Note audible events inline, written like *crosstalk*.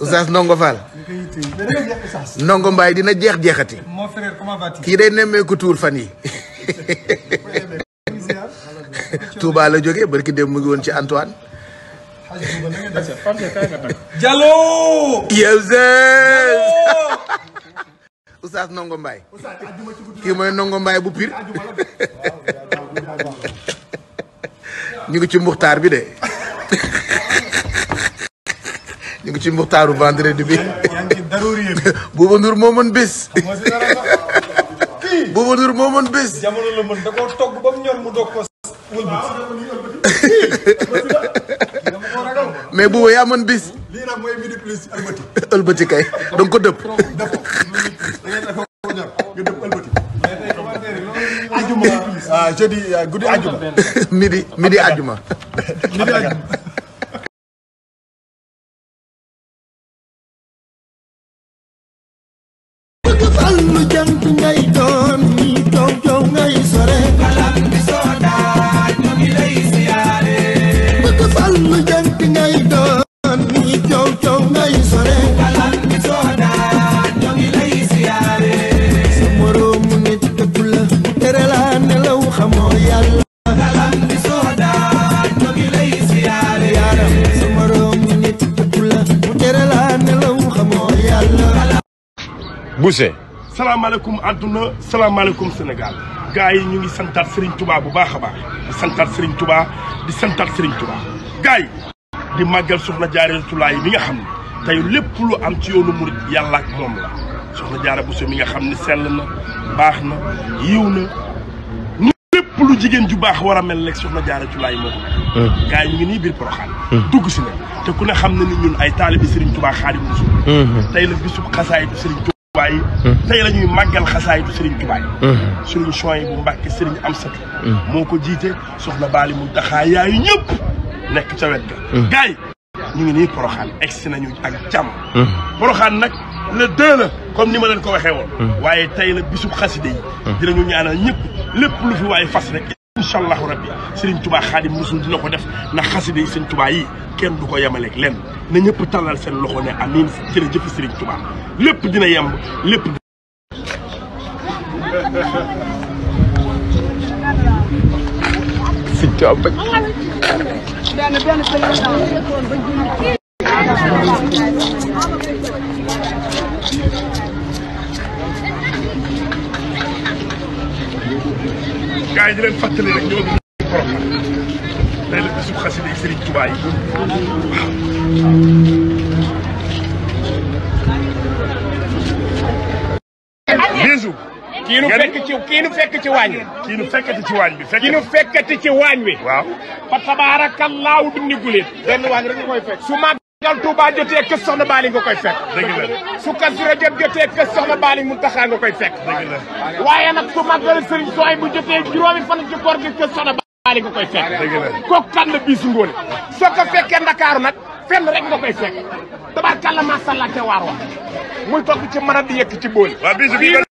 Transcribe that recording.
Oustaz nongo Fall. nongo Mbaye dina jeex jeexati. mo frère comment vas-tu. ki day nemmeeku tuur fan yi *laughs* Touba la barki dem mu ngi won ci Antoine. *laughs* Oustaz ki moy nongo Mbaye bu pire. *laughs* ñu ngi ci muxtar bi de ci mbotaru vendredi bi *laughs* bubu nur mo meun bés bubu nur mo meun bés jamono la meun da ko togg bam ñor mu doog ko *laughs* mais Bouba yaa mën bés lii nag mooy midi plus ëlbëti ëlbëti kay da nga ko dëpp ah jeudi guddi ajuma *laughs* midi midi ajuma midi ajuma bëgg fàllu jant ngay Bousse. salaamaaleykum àdduna salaamaaleykum Sénégal gars yi ñu ngi santaat Serigne Touba bu baax a baax di santaat Serigne di santaat Serigne Touba gars yi di màggal soxna jaaree tulaay mi nga xam ne tey lépp lu am ci yoonu murit yàlla ak moom la soxna jaara Bousso mi nga xam ne sell na baax na yiw na lépp lu jigéen ju baax war a mel rek soxna jaara tulaay moo ko mm. gars ñu ngi nii biir Poroxaan mm. si na te ku ne xam ne ni ñun ay taalibi Serigne Touba Xaadimu Rasuul mm-hmm. Tuubaa yi hmm. tey la ñuy màggal xasaayitu Serigne Touba yi hmm. Serigne Choy bu Mbàkke Serigne Amsatu hmm. moo ko jiite soxna Baali mu taxaa yaayu ñëpp nekk ca wet ga gaay ñu ngi nii Poroxaan egsi nañu ak jàmm Poroxaan nag le deux la comme ni ma leen ko waxee woon waaye tey bisu bisub xaside yi dinañu ñaanal ñëpp lépp lu fi waaye fas rek incha allahu rabbi Serigne Touba Xaadim dina ko def na xaside yi Serigne Touba yi kenn du ko yemaleeg lenn na ñëpp tàllal seen loxo ne amiin jërëjëf Serigne Touba lépp dina yemb lépp. Serigne Touba bëgg. gars yi di leen fàttali rek ñoo. É o bisub xasida yi Serigne Touba yi que bisu. kii nu fekk ci kii nu fekk ci waañ wi. kii nu fekkati ci waañ bi fekk. kii o fekkati ci waañ wi. waaw. fa tabaarakallaahu dundi guleet. benn waañ rek nga koy fekk. su màggal Touba jotee kër Soxna Baali nga koy fekk. dëgg la su Kazu Rajab jotee kër Soxna Baali é nga koy fekk. dëgg la waaye nag su màggal Serigne Touba bu jotee juróomi fan ci koor gi kër Soxna ali nga koy fekk kooku kan la Bijou Ngoné soo ko fekkee ndakaaru nag fenn rek nga koy fekk tabarkalla masallah te waar wax muy toog ci mën a di yëkk ci bool